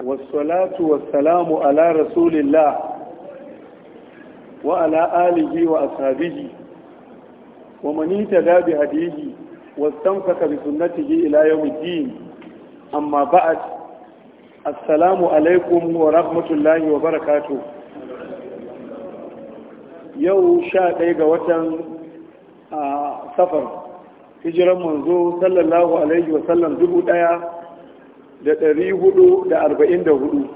wasu salamu ala rasulillah wa ala alihi wa ashabihi wa manita da bi hadihi واستمسك بسنته إلى يوم الدين أما بعد السلام عليكم ورحمة الله وبركاته يو شاء ديغا وطن سفر hijiran manzo sallallahu alaihi wasallam dubu daya da ɗari hudu da arba'in da hudu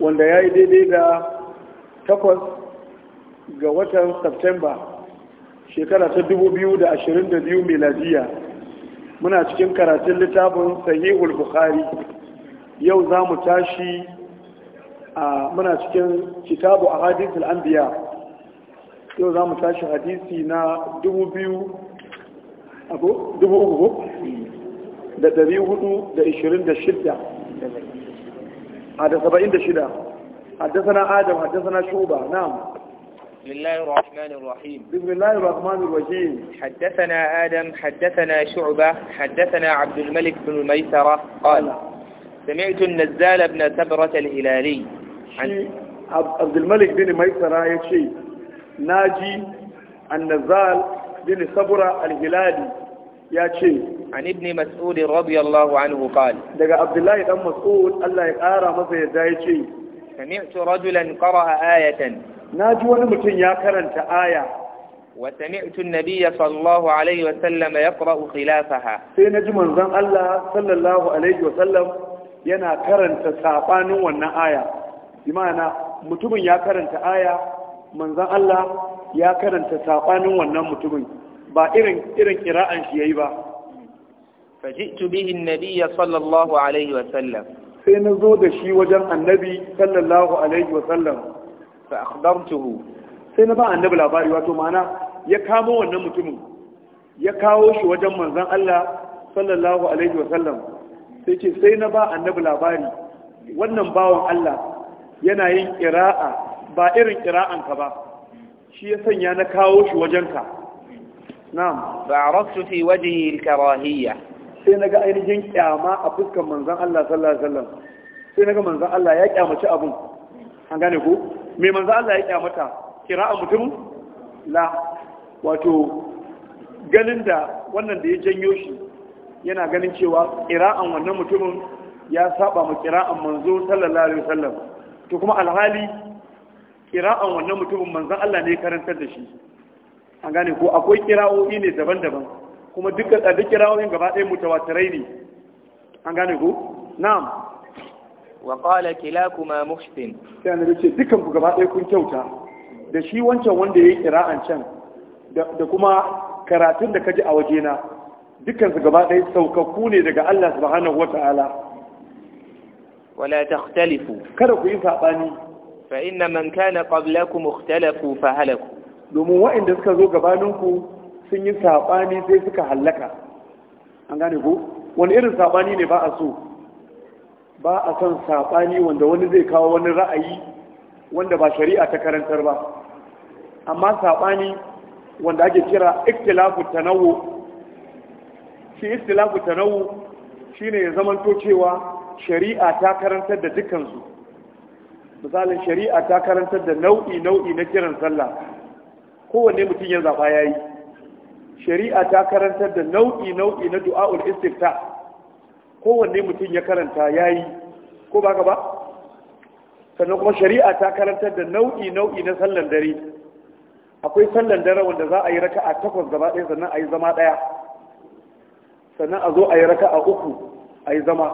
wanda ya yi daidai da takwas ga watan Septemba shekara ta dubu biyu da ashirin da biyu miladiya muna cikin karatun littafin sahihul bukhari yau za mu tashi a muna cikin kitabu a hadisul anbiya yau za mu tashi hadisi na dubu biyu abu dubu uku da ɗari hudu da ishirin da shidda a da saba'in da shida haddasana adam haddasana shuba na'am بسم الله الرحمن الرحيم بسم الله الرحمن الرحيم حدثنا آدم حدثنا شعبة حدثنا عبد الملك بن الميسرة قال سمعت النزال بن تبرة الهلالي عن عبد الملك بن الميسرة يشي ناجي النزال بن صبرة الهلالي ya ce an ibn mas'ud radiyallahu anhu qal daga abdullahi dan mas'ud Allah ya kara masa yadda ya ce sami'tu rajulan qara'a ayatan naji wani mutum ya karanta aya wa sami'tu an-nabiyya sallallahu alaihi wa sallam yaqra'u khilafaha sai naji manzon Allah sallallahu alaihi wa sallam yana karanta sabanin wannan aya bi ma'ana mutumin ya karanta aya manzon Allah ya karanta sabanin wannan mutumin ba irin irin kira'an shi yi ba faji'tu bihi an-nabiy sallallahu alaihi wa sallam sai na zo da shi wajen annabi sallallahu alaihi wa sallam fa akhbartuhu sai na ba annabi labari wato ma'ana ya kamo wannan mutumin ya kawo shi wajen manzon Allah sallallahu alaihi wa sallam sai ce sai na ba annabi labari wannan bawan Allah yana yin kira'a ba irin kira'anka ba shi ya sanya na kawo shi wajenka na'am fa'araftu fi wajhi al-karahiyya sai naga ainihin kyama a fuskar الله Allah الله عليه وسلم sai naga manzon Allah ya kyamaci abun an gane ko me manzon Allah ya kyamata kira'a mutum la wato ganin da wannan da ya janyo shi yana ganin cewa kira'an wannan mutumin ya saba mu kira'an manzo sallallahu alaihi wasallam to kuma alhali kira'an wannan mutumin manzon Allah ne karantar da shi an gane ko akwai kirawoyi ne daban-daban kuma dukkan duk kirawoyin gaba ɗaya mutawatirai ne an gane ko na'am wa qala kilakuma muhsin sai annabi ce dukkan ku gaba ɗaya kun kyauta da shi wancan wanda yayi kira'an can da kuma karatun da kaji a wajena dukkan su gaba ɗaya saukakku ne daga Allah subhanahu wata'ala yi sabani fa inna man kana qablakum ikhtalafu fa halaku domin waɗanda suka zo gabaninku sun yi saɓani sai suka hallaka an gane ko wani irin saɓani ne ba a so ba a son saɓani wanda wani zai kawo wani ra'ayi wanda ba shari'a ta karantar ba amma saɓani wanda ake kira ta tanawu shi ikhtilafu shi ne ya to cewa shari'a ta karantar da dukansu misalin shari'a ta karantar da nau'i nau'i na kiran sallah kowanne mutum ya zaba ya yi shari'a ta karantar da nau'i nau'i na du'a'ul istifta kowanne mutum ya karanta ya yi ko ba ka ba sannan kuma shari'a ta karantar da nau'i nau'i na sallan dare akwai sallan dare wanda za a yi raka a takwas gaba ɗaya sannan a yi zama ɗaya sannan a zo a yi raka a uku a yi zama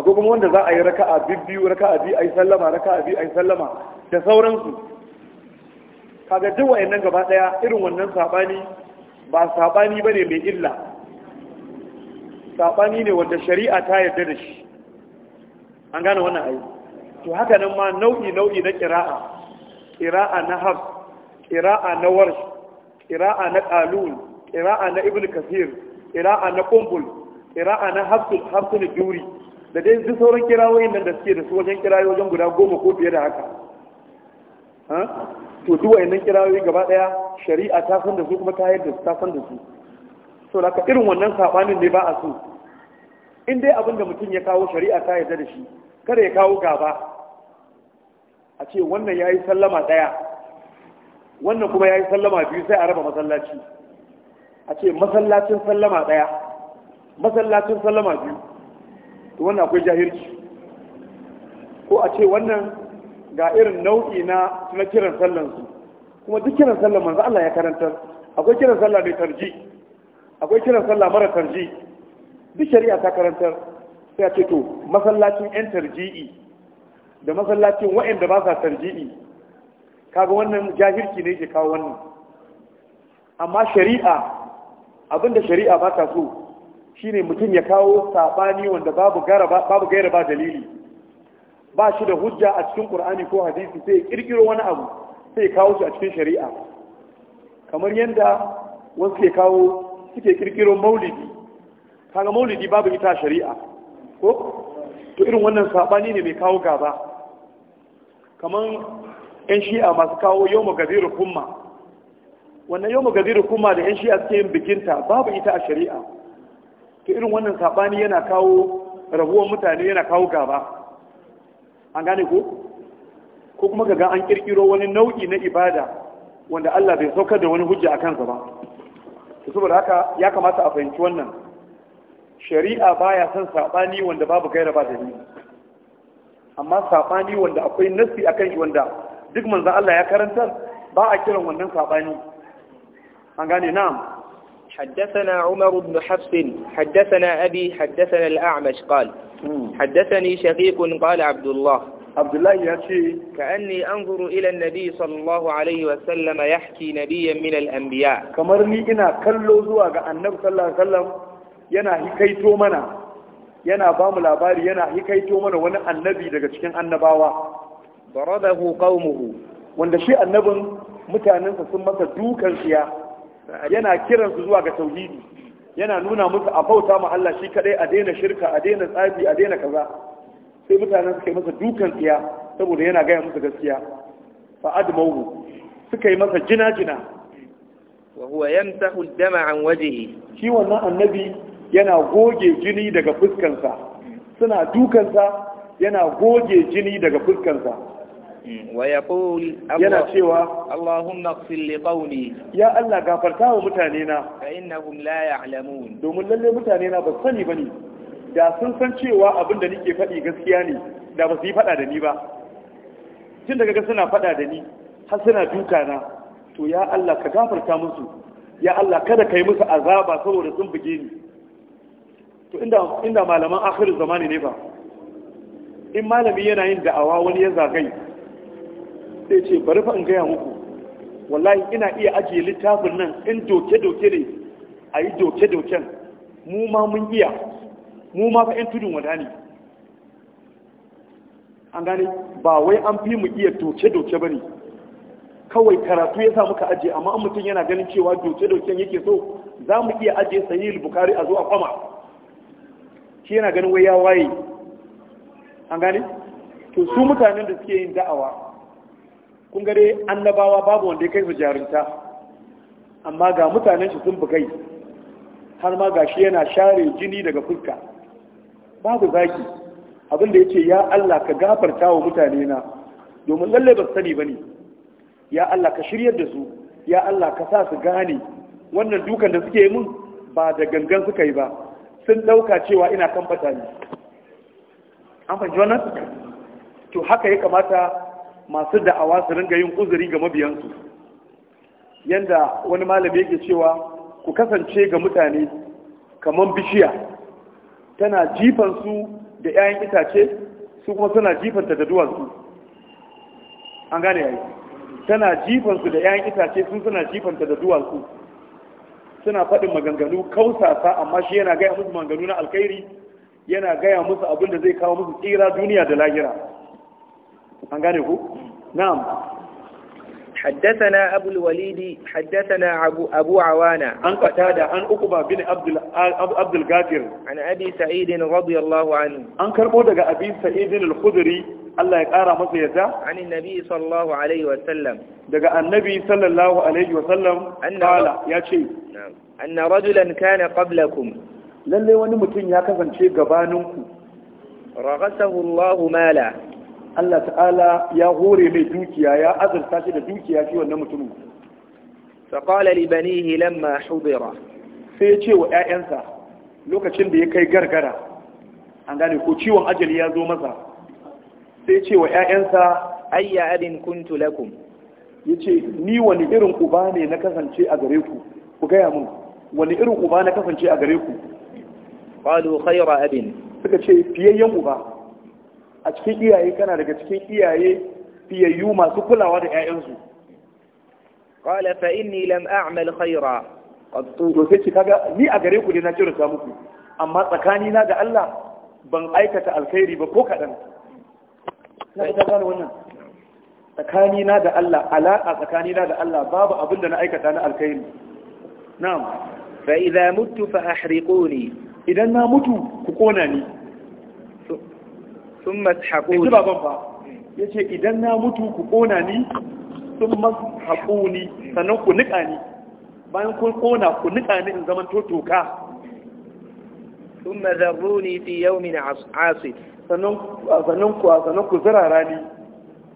akwai kuma wanda za a yi raka a biyu raka a biyu a yi sallama raka a biyu a yi sallama da sauransu kaga duk wayannan gaba daya irin wannan sabani ba sabani bane mai illa sabani ne wanda shari'a ta yarda da shi an gane wannan ayi to haka nan ma nau'i nau'i na qira'a qira'a na haf qira'a na warsh qira'a na qalul qira'a na ibnu kasir qira'a na qumbul qira'a na hafsul hafsul juri da dai duk sauran kirawoyin nan da suke da su wajen kirayoyi wajen guda goma ko fiye da haka to duk wayannan kirayoyi gaba daya shari'a ta san da su kuma ta yadda ta san da su so laka irin wannan sabanin ne ba a so in dai abin da mutum ya kawo shari'a ta yadda da shi kada ya kawo gaba a ce wannan yayi sallama daya wannan kuma yayi sallama biyu sai a raba masallaci a ce masallacin sallama daya masallacin sallama biyu to wannan akwai jahilci ko a ce wannan ga irin nau'i na na kiran sallan su kuma duk kiran sallan manzo Allah ya karantar akwai kiran sallah mai tarji akwai kiran sallah mara tarji duk shari'a ta karantar sai a ce to masallacin yan tarji'i da masallacin wa'anda ba sa tarji'i kaga wannan jahilci ne ke kawo wannan amma shari'a abinda shari'a ba ta so shine mutum ya kawo sabani wanda babu gara babu gaira ba dalili ba shi da hujja a cikin ƙur'ani ko hadisi sai ya ƙirƙiro wani abu sai ya kawo shi a cikin shari'a kamar yadda wasu ke kawo suke ƙirƙiro maulidi kaga maulidi babu ita shari'a ko to irin wannan saɓani ne mai kawo gaba kamar 'yan shi'a masu kawo yau magaziru kumma wannan yau magaziru kumma da 'yan shi'a suke yin bikinta babu ita a shari'a to irin wannan saɓani yana kawo rabuwar mutane yana kawo gaba an gane ko ko kuma ga an kirkiro wani nau'i na ibada wanda Allah bai saukar da wani hujja a kansa ba saboda haka ya kamata a fahimci wannan shari'a baya son sabani wanda babu gaira ba dalili amma sabani wanda akwai nasi akan shi wanda duk manzon Allah ya karantar ba a kiran wannan sabani an gane na'am حدثنا عمر بن حفص حدثنا أبي حدثنا الأعمش قال حدثني شقيق قال عبد الله عبد الله يحكي كأني أنظر إلى النبي صلى الله عليه وسلم يحكي نبيا من الأنبياء كمرني إنا كلو زواج النبي صلى الله عليه وسلم ينا حكيتو منا ينا بام لاباري ينا حكيتو منا وانا النبي لغتشكين النباوة ضربه قومه wanda shi annabin mutanensa sun masa dukan siya yana kiransu zuwa ga tauhidi yana nuna musu a bauta ma Allah shi kadai a daina shirka a daina tsafi a daina kaza sai mutanen suka yi masa dukan tsiya saboda yana gaya musu gaskiya fa admuhu suka yi masa jina jina wa huwa yamsahu dama an wajhi shi wannan annabi yana goge jini daga fuskansa suna dukansa yana goge jini daga fuskansa Mm. wa yana cewa Allahumma ighfir li ya Allah gafarta wa mutane na fa innahum la alamu. domin lalle mutane na ba sani bane da sun san cewa abinda nike faɗi gaskiya ne da ba su yi faɗa da ni ba tun daga ga suna faɗa da ni har suna duka na to ya Allah ka gafarta musu ya Allah kada ka yi musu azaba saboda sun buge ni to inda malaman akhirin zamani ne ba in malami yana yin da'awa wani ya zagai sai ce bari fa in gaya muku wallahi ina iya ajiye littafin nan in doke-doke ne a yi doke-doken mu ma mun iya mu ma fa 'yan tudun wada ne an gane ba wai an fi mu iya doke-doke ba ne kawai karatu ya sa muka ajiye amma an mutum yana ganin cewa doke-doken yake so za mu iya ajiye sahih bukari a zo a kwama shi yana ganin wai ya waye an gane to su mutanen da suke yin da'awa kun gare annabawa babu wanda ya kai su jarinta amma ga mutanen shi sun bugai har ma ga shi yana share jini daga fuska babu zaki abinda ya ce ya Allah ka gafarta wa mutane na domin lalle ba sani ba ne ya Allah ka shiryar da su ya Allah ka sa su gane wannan dukan da suke mun ba da gangan suka yi ba sun ɗauka cewa ina kan ne an fahimci wannan to haka ya kamata masu da'awa su ringa yin uzuri ga mabiyansu Yadda wani malami yake cewa ku kasance ga mutane kamar bishiya tana jifansu da 'ya'yan itace su kuma suna jifanta da duwatsu an gane yayi tana jifansu da 'ya'yan itace su suna jifanta da duwatsu suna faɗin maganganu kausasa amma shi yana gaya musu maganganu na alkhairi yana gaya musu abin da zai kawo musu tsira duniya da lahira an gane ku? na'am haddathana abu walidi haddathana abu awana an kwata da an uku ba bin abdul gafir an abi sa'idin radiyallahu anhu an karbo daga abi sa'idin al-khudri Allah ya kara masa yadda an annabi sallallahu alaihi wa sallam daga annabi sallallahu alaihi wa sallam qala ya ce anna rajulan kana qablakum Lallai wani mutum ya kasance gabaninku ragasahu Allah mala Allah ta'ala ya hore mai dukiya ya azurta shi da dukiya shi wannan mutumin fa qala li banihi lamma hudira sai ya ce wa ƴaƴansa lokacin da ya kai gargara an gane ko ciwon ajali ya zo masa sai ya ce wa ƴaƴansa ayya abin kuntu lakum yace ni wani irin uba ne na kasance a gare ku ku gaya mun wani irin uba na kasance a gare ku qalu khayra abin suka ce fiyayyen uba a cikin iyaye kana daga cikin iyaye fiyayyu masu kulawa da 'ya'yansu qala fa inni lam a'mal khaira to sai ki kaga ni a gare ku ne na cire ta muku amma tsakani na da Allah ban aikata alkhairi ba ko kaɗan. na ita gane wannan tsakani na da Allah alaƙa tsakani na da Allah babu abin da na aikata na alkhairi na'am fa idza mutu fa ahriquni idan na mutu ku kona ni sun mashaƙuni ba ban ba ya ce idan na mutu ku ƙona ni sun mashaƙuni sannan ku niƙa ni bayan kun ƙona ku niƙa ni in zama totoka sun mazarruni fi yau min asir sannan ku zirara ni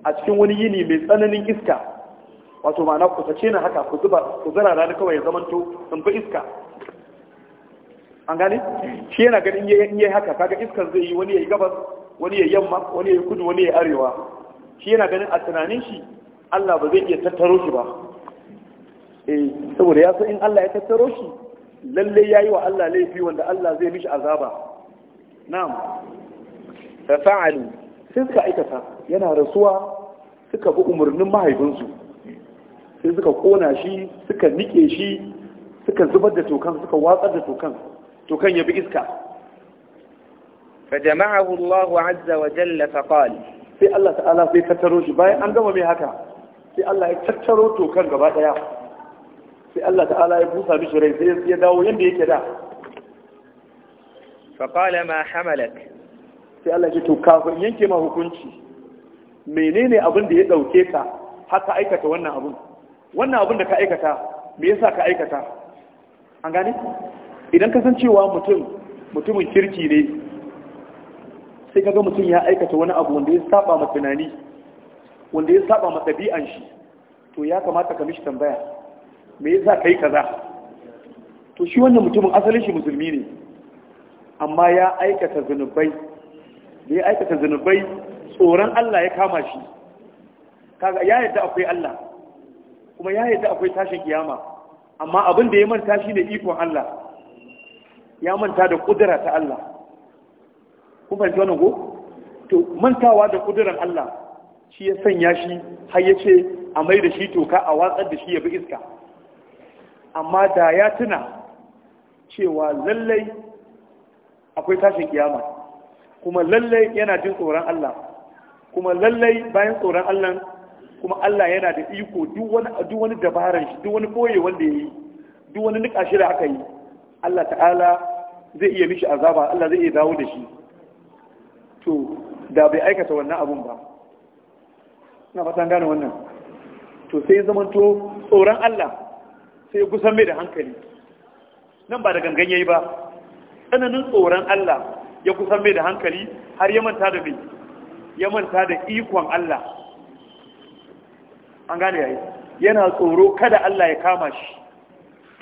a cikin wani yini mai tsananin iska wato ma'ana ku sace ni haka ku zirara ni kawai ya zama to sun fi iska an gane shi yana ganin yayi haka kaga iskar zai yi wani yayi gabas wani ya yamma wani ya kudu wani ya arewa shi yana ganin a tunanin shi Allah ba zai iya tattaro shi ba eh saboda ya san in Allah ya tattaro shi lalle yayi wa Allah laifi wanda Allah zai mishi azaba na'am fa fa'alu sai suka aikata yana rasuwa suka bi umarnin mahaifinsu sai suka kona shi suka nike shi suka zubar da tokan suka watsar da tokan tokan ya bi iska فجمعه الله عز وجل فقال في الله تعالى في تتروش باي أن قم بهكا في الله يتترو توكان قبا يا في الله تعالى يبوسى بشري في يداو يندي كدا فقال ما حملك في الله يتو كافر ينكي ما هكونشي menene abin da ya dauke ka har ka aikata wannan abin wannan abin da ka aikata me yasa ka aikata an gane idan ka san cewa mutum mutumin kirki ne sai kaga mutum ya aikata wani abu wanda ya saba ma tunani wanda ya saba ma ɗabi'an shi to ya kamata ka mishi tambaya me yasa kai kaza to shi wannan mutumin asalin shi musulmi ne amma ya aikata zunubai da ya aikata zunubai tsoron Allah ya kama shi kaga ya yadda akwai Allah kuma ya yadda akwai tashin kiyama amma abin da ya manta shi ne ikon Allah ya manta da kudura ta Allah kun fahimci wannan ko to mantawa da kudurar Allah shi ya sanya shi har ya ce a mai da shi toka a watsar da shi ya bi iska amma da ya tuna cewa lallai akwai tashin kiyama kuma lallai yana jin tsoron Allah kuma lallai bayan tsoron Allah kuma Allah yana da iko duk wani duk wani dabaran shi duk wani koye wanda yayi duk wani nika shi da aka yi Allah ta'ala zai iya mishi azaba Allah zai iya dawo da shi to da bai aikata wannan abun ba na fatan gane wannan to sai zamanto tsoron Allah sai gusan mai da hankali nan ba da gangan yayi ba tsananin tsoron Allah ya kusan mai da hankali har ya manta da mai ya manta da ikon Allah an gane yayi yana tsoro kada Allah ya kama shi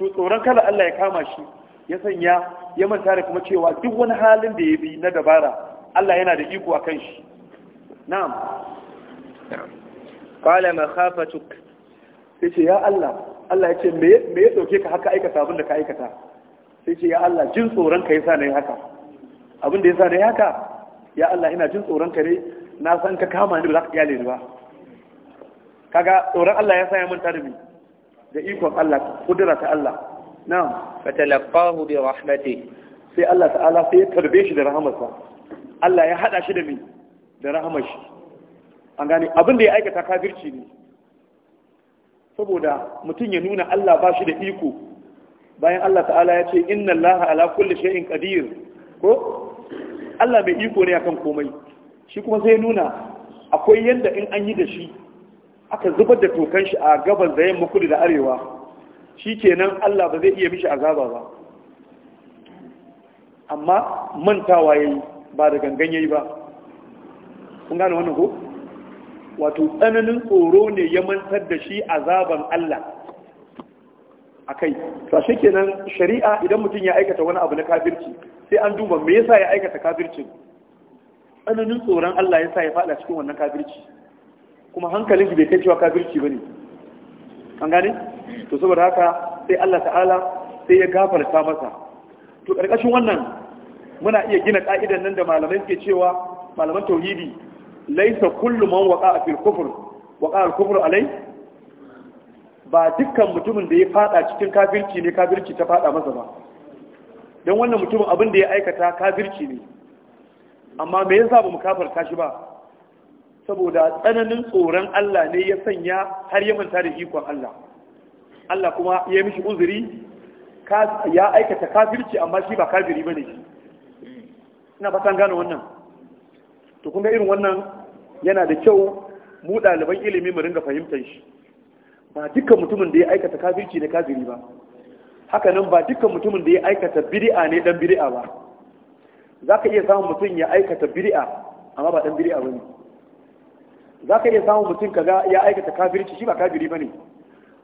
to tsoron kada Allah ya kama shi ya sanya ya manta da kuma cewa duk wani halin da ya bi na dabara Allah yana da iko akan shi na'am qala makhafatuk yace ya Allah Allah yace me me ya dauke ka haka aikata abin da ka aikata sai ce ya Allah jin tsoron ka yasa nayi haka abin da yasa nayi haka ya Allah ina jin tsoron ka ne na san ka kama ni ba za ka iyale ni ba kaga tsoron Allah ya sa ya manta da ni da ikon Allah kudura ta Allah na'am fatalaqahu bi rahmatih. sai Allah ta'ala sai ya tarbe shi da rahmatsa. Allah ya haɗa shi da mai da rahamar shi an gane abin da ya aikata kafirci ne saboda mutum ya nuna Allah ba shi da iko bayan Allah ta'ala ya ce inna Allah ala kulli shay'in qadir ko Allah mai iko ne akan komai shi kuma sai nuna akwai yadda in an yi da shi aka zubar da tokan shi a gaban da yamma kudu da arewa shi kenan Allah ba zai iya mishi azaba ba amma mantawa yayi ba da gangan yi ba kun gane wannan ko wato tsananin tsoro ne ya mantar da shi azaban Allah akai to ke kenan shari'a idan mutum ya aikata wani abu na kafirci sai an duba me yasa ya aikata kafircin tsananin tsoron Allah ya sa ya fada cikin wannan kafirci kuma hankalin shi bai kai cewa kafirci bane an gane to saboda haka sai Allah ta'ala sai ya gafarta masa to karkashin wannan muna iya gina ka'idan nan da malamai ke cewa malaman tauhidi laisa kullu man waqa fil kufr waqa al kufr alai ba dukkan mutumin da ya fada cikin kafirci ne kafirci ta fada masa ba Don wannan mutumin abin da ya aikata kafirci ne amma me yasa ba mu kafarta shi ba saboda tsananin tsoron Allah ne ya sanya har ya manta da ikon Allah Allah kuma ya mishi uzuri ya aikata kafirci amma shi ba kafiri bane ne. ina fatan gane wannan to kun ga irin wannan yana da kyau mu ɗaliban ilimi mu ringa fahimtar shi ba dukkan mutumin da ya aikata kafirci ne kafiri ba haka nan ba dukkan mutumin da ya aikata bid'a ne dan bid'a ba za ka iya samun mutum ya aikata bid'a amma ba dan bid'a bane za ka iya samun mutum kaga ya aikata kafirci shi ba kafiri bane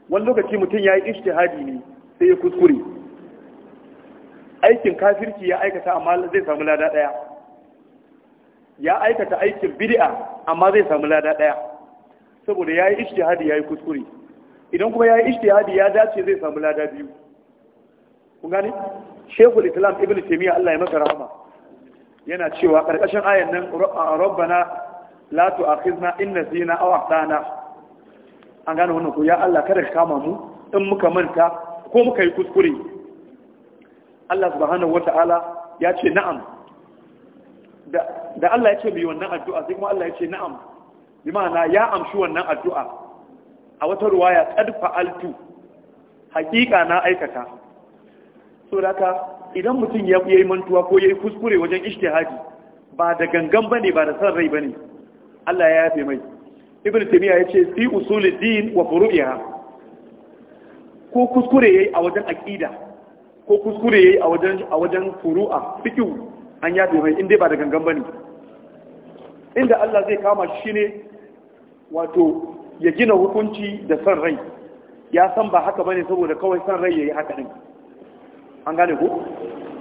wani lokaci mutum ya yi ijtihadi ne sai ya kuskure aikin kafirci ya aikata amma zai samu lada daya ya aikata aikin bid'a amma zai samu lada daya saboda yayi ijtihadi yayi kuskure idan kuma yayi ijtihadi ya dace zai samu lada biyu kun gane al islam ibnu taymiya Allah ya masa rahama yana cewa karkashin ayan nan rabbana la tu'akhizna in nasina aw akhtana an gane wannan ko ya Allah kada ka kama mu in muka manta ko muka yi kuskure Allah subhanahu wata'ala ya ce na'am da Allah ya ce mai wannan addu'a sai kuma Allah ya ce na'am bi ma'ana ya amshi wannan addu'a a wata ya qad fa'altu hakika na aikata so idan mutum ya yi mantuwa ko ya yi kuskure wajen ishtihadi ba da gangan bane ba da san rai bane Allah ya yafe mai ibn taymiya yace fi usulid din wa furu'iha ko kuskure yayi a wajen aqida ko kuskure yayi a wajen a wajen furu'a fikihu an yafe mai inda ba da gangan ba ne. inda Allah zai kama shi ne wato ya gina hukunci da san rai ya san ba haka ba ne saboda kawai san rai ya yi haka din an gane ku?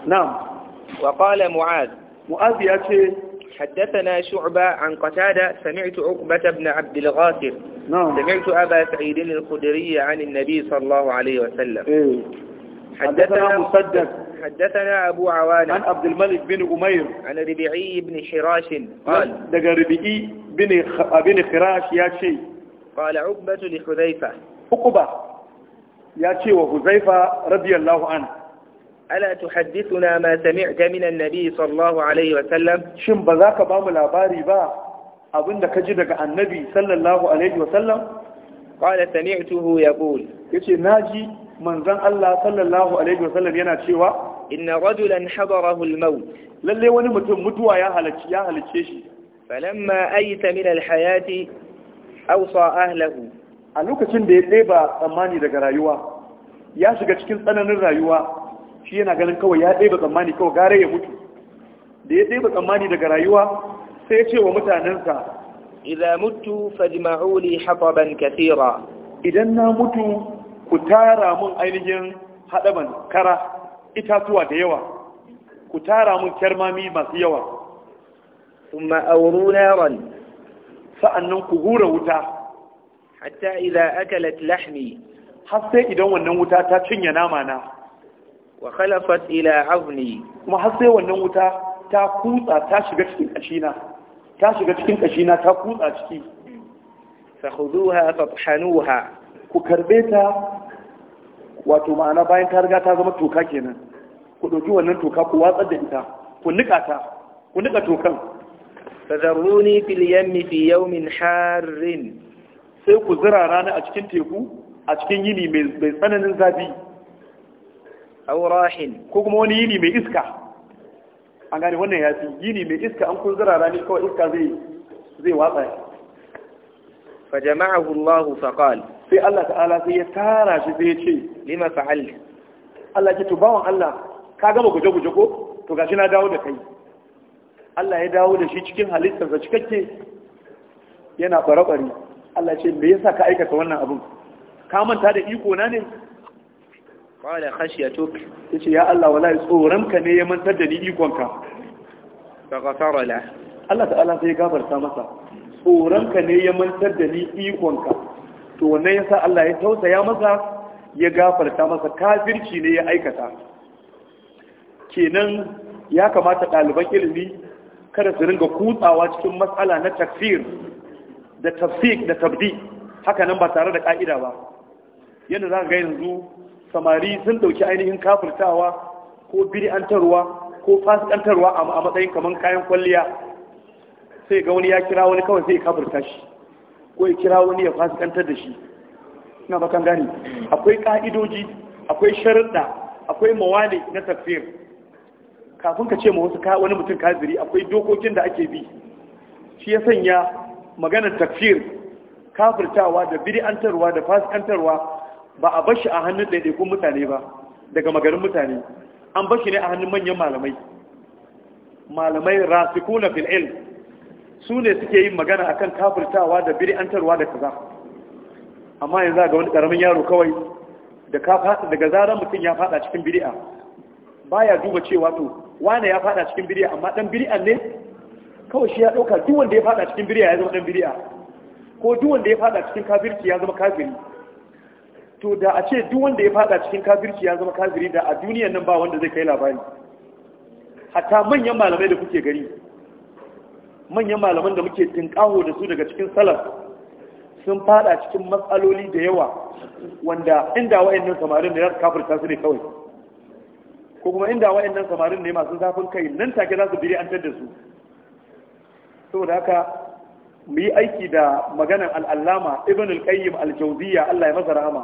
na'am wa qala mu'az mu'az ya ce حدثنا شعبة عن قتادة سمعت عقبة بن عبد الغافر نعم سمعت أبا سعيد الخدري عن النبي صلى الله عليه وسلم إيه. حدثنا مسدد حدثنا أبو عوانة عن عبد الملك بن أمير عن ربيعي بن حراش قال دقى ربيعي بن خ... بن خراش يا شيء قال عقبة لحذيفة عقبة يا شيء وحذيفة رضي الله عنه ألا تحدثنا ما سمعت من النبي صلى الله عليه وسلم شن بذاك بام الأباري با أبن كجدك النبي صلى الله عليه وسلم قال سمعته يقول يقول ناجي Manzan Allah sallallahu alaihi wasallam yana cewa inna rajulan hadarahu al-maut lalle wani mutum mutuwa ya halarci ya halarce shi falamma ayta min al-hayati awsa ahlihi a lokacin da ya ɗeba tsammani daga rayuwa ya shiga cikin tsananin rayuwa shi yana ganin kawai ya ɗeba tsammani kawai gare ya mutu da ya ɗeba tsammani daga rayuwa sai ya ce wa mutanensa idza mutu fajma'u li hataban kathira idan na mutu ku tara mun ainihin haɗaban kara itatuwa da yawa ku tara mun kyarmami masu yawa thumma awru naran sa'annan ku hura wuta hatta idan aka lahmi har sai idan wannan wuta ta cinye nama na wa khalafat ila avni kuma har sai wannan wuta ta kutsa ta shiga cikin ƙashina. ta shiga cikin ƙashina ta kutsa ciki fa khuduha fathanuha ku karbe ta wato ma'ana bayan ta riga ta zama toka kenan ku ɗauki wannan toka ku watsar da ita ku niƙa ta ku niƙa tokan fazarruni fil yammi fi yawmin harrin sai ku zira rana a cikin teku a cikin yini mai tsananin zafi aw rahin ko kuma wani yini mai iska an gane wannan yafi yini mai iska an kun zira rana kawai iska zai zai watsa fa jama'ahu Allah fa qala sai Allah ta'ala sai ya tara shi sai ya ce lima fa'al Allah ya ce to bawon Allah ka gama guje guje ko to gashi na dawo da kai Allah ya dawo da shi cikin halittarsa cikakke yana bare-bare Allah ce me yasa ka aikata wannan abun ka manta da iko na ne qala khashyatuk yace ya Allah wallahi tsoron ka ne ya mantar da ni ikon ka fa ghafara Allah ta'ala sai gafarta masa tsoronka ne ya mantar da ni ikonka to wannan yasa Allah ya tausaya masa ya gafarta masa kafirci ne ya aikata kenan ya kamata ɗaliban ilimi kada su ringa kutsawa cikin matsala na tafsir da tafsik da tabdi haka nan ba tare da ka'ida ba yadda za ga yanzu samari sun ɗauki ainihin kafirtawa ko bir'antarwa ko fasikantarwa a matsayin kamar kayan kwalliya sai ga wani ya kira wani kawai sai ya shi ko ya kira wani ya fasikantar da shi na bakan gani akwai ka'idoji akwai sharuɗa akwai mawali na tafsir kafin ka ce ma wasu wani mutum kafiri akwai dokokin da ake bi shi ya sanya maganar tafsir kafirtawa da bid'antarwa da fasikantarwa ba a bashi a hannun ɗaiɗaikun mutane ba daga magarin mutane an bashi ne a hannun manyan malamai malamai rasikuna fil ilm su ne suke yin magana a kan kafirtawa da bir'antarwa da kaza amma yanzu ga wani karamin yaro kawai da ka fada daga zaran mutum ya fada cikin Ba ya duba cewa wato wane ya fada cikin bid'a amma dan bid'an ne kawai shi ya dauka duk wanda ya fada cikin bid'a ya zama dan bid'a ko duk wanda ya fada cikin kafirci ya zama kafiri to da a ce duk wanda ya fada cikin kafirci ya zama kafiri da a duniyan nan ba wanda zai kai labari hatta manyan malamai da kuke gari manyan malaman da muke tinkaho da su daga cikin salaf sun fada cikin matsaloli da yawa wanda inda wa'annan samarin da za kafirta su ne kawai ko kuma inda wa'annan samarin ne masu zafin kai nan take za su biri an da su saboda haka mu yi aiki da maganar al'allama ibn al-qayyim al-jawziyya Allah ya masa rahama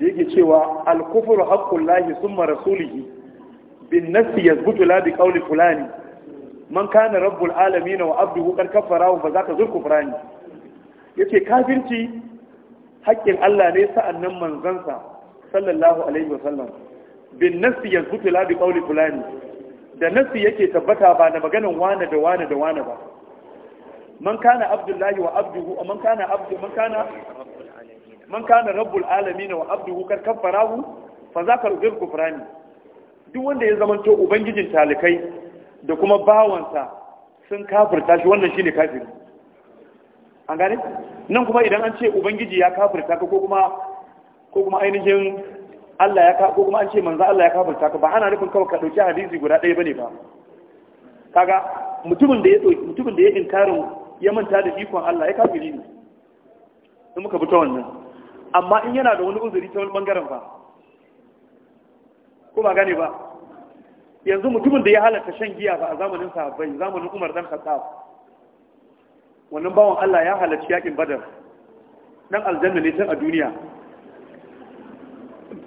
da yake cewa al-kufru haqqullahi summa rasulihi bin nafsi yazbutu la bi qawli fulani man kana rabbul alamin wa abduhu kan kafara wa fa zaka zul kufrani yace kafirci haƙƙin Allah ne sa'annan manzansa sallallahu alaihi wasallam bin nafsi yazbutu la bi qawli fulani da nafsi yake tabbata ba da maganan wane da wane da wane ba man kana abdullahi wa abduhu man kana abdu man kana man kana rabbul alamin wa abduhu kan kafarahu fa zaka zulku furani duk wanda ya zamanto ubangijin talikai da kuma bawansa sun kafirta shi wannan shine kafiri an gane nan kuma idan an ce ubangiji ya kafirta ka ko kuma ko kuma ainihin Allah ya ko kuma an ce manzo Allah ya kafirta ka ba ana nufin kawai ka dauki hadisi guda ɗaya bane ba kaga mutumin da ya mutumin da ya inkarin ya manta da ikon Allah ya kafiri ne in muka fito wannan amma in yana da wani uzuri ta wani bangaren ba ko ba gane ba yanzu mutumin da ya halatta shan giya ba a zamanin sahabbai zamanin Umar dan Khattab wannan bawon Allah ya halarci yakin Badar nan aljanna ne tun a duniya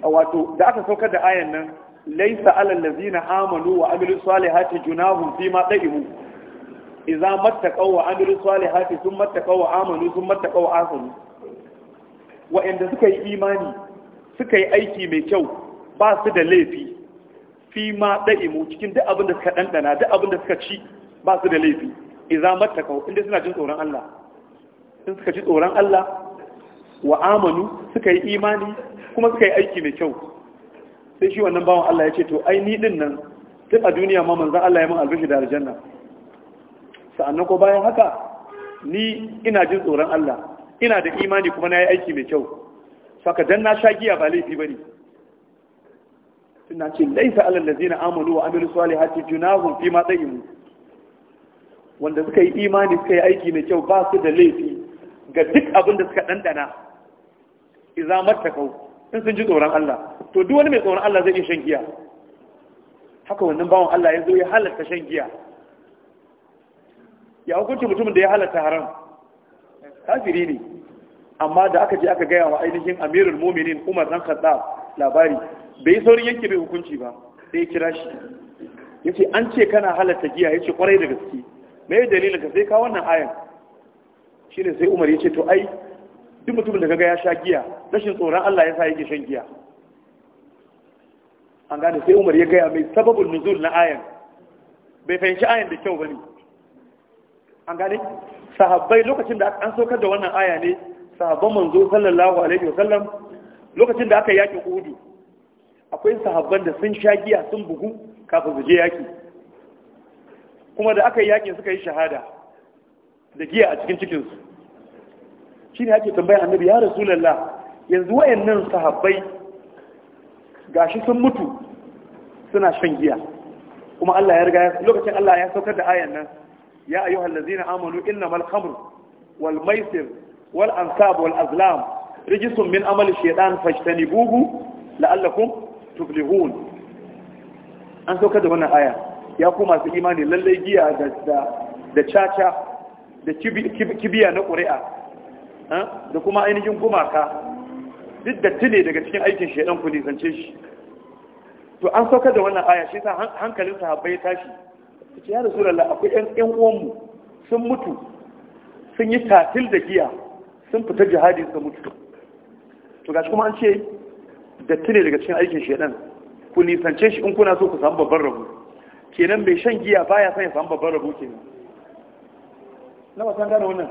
wato da aka saukar da ayan nan laysa alal ladzina amanu wa amilus salihati junahum fi ma daimu idza mattaqaw wa amilus salihati thumma mattaqaw wa amanu thumma mattaqaw asalu wa inda suka yi imani suka yi aiki mai kyau ba su da laifi fi ma mu cikin duk abin da suka dandana duk abin da suka ci ba su da laifi idza mattaqau inda suna jin tsoron Allah in suka ci tsoron Allah wa amanu suka yi imani kuma suka yi aiki mai kyau sai shi wannan bawan Allah ya ce to ai ni din nan duk a duniya ma manzo Allah ya min albishi da aljanna sa'annan ko bayan haka ni ina jin tsoron Allah ina da imani kuma na yi aiki mai kyau saka dan na sha giya ba laifi bane suna ce laisa alal ladzina amanu wa amilu salihati junahum fi ma tayyimu wanda suka yi imani suka yi aiki mai kyau ba su da laifi ga duk abin da suka dandana idza kau. in sun ji tsoron Allah to duk wani mai tsoron Allah zai iya shan giya haka wannan bawan Allah ya zo ya halatta shan giya ya hukunci mutumin da ya halatta haram kafiri ne amma da aka je aka gaya wa ainihin amirul muminin Umar dan Khattab labari bai saurin yanke bai hukunci ba sai kira shi yace an ce kana halatta giya yace kwarai da gaske me ya dalilin ka sai ka wannan ayan shine sai Umar yace to ai duk mutumin da kaga ya sha giya rashin tsoron Allah ya sa yake shan giya an gane sai Umar ya gaya mai sababin nuzul na ayan bai fahimci ayan da kyau bane an gane sahabbai lokacin da an saukar da wannan aya ne sahabban manzo sallallahu alaihi wasallam lokacin da aka yakin Uhud akwai sahabban da sun sha giya sun bugu kafin su je yaki kuma da aka yi yakin suka yi shahada da giya a cikin cikinsu shi ne ake tambayar annabi ya rasulallah yanzu wayannan sahabbai gashi sun mutu suna shan giya kuma Allah ya riga lokacin Allah ya saukar da ayan nan ya ayyuhal ladzina amanu innamal khamru wal maisir wal ansab wal azlam rijsun min amali shaytan fajtanibuhu la'allakum tuflihun an sauka da wannan aya ya ku masu imani lallai giya da caca da kibiya na ƙuri'a da kuma ainihin gumaka duk da tune daga cikin aikin shaidan ku nisance shi to an sauka da wannan aya shi sa hankalin ya tashi ce ya rasulullah akwai ƴan ƴan uwanmu sun mutu sun yi tatil da giya sun fita jihadi sun mutu to gashi kuma an ce datti ne daga cikin aikin shedan ku nisance shi in kuna so ku samu babban rabu kenan bai shan giya baya ya ya samu babban rabu kenan na ba san gane wannan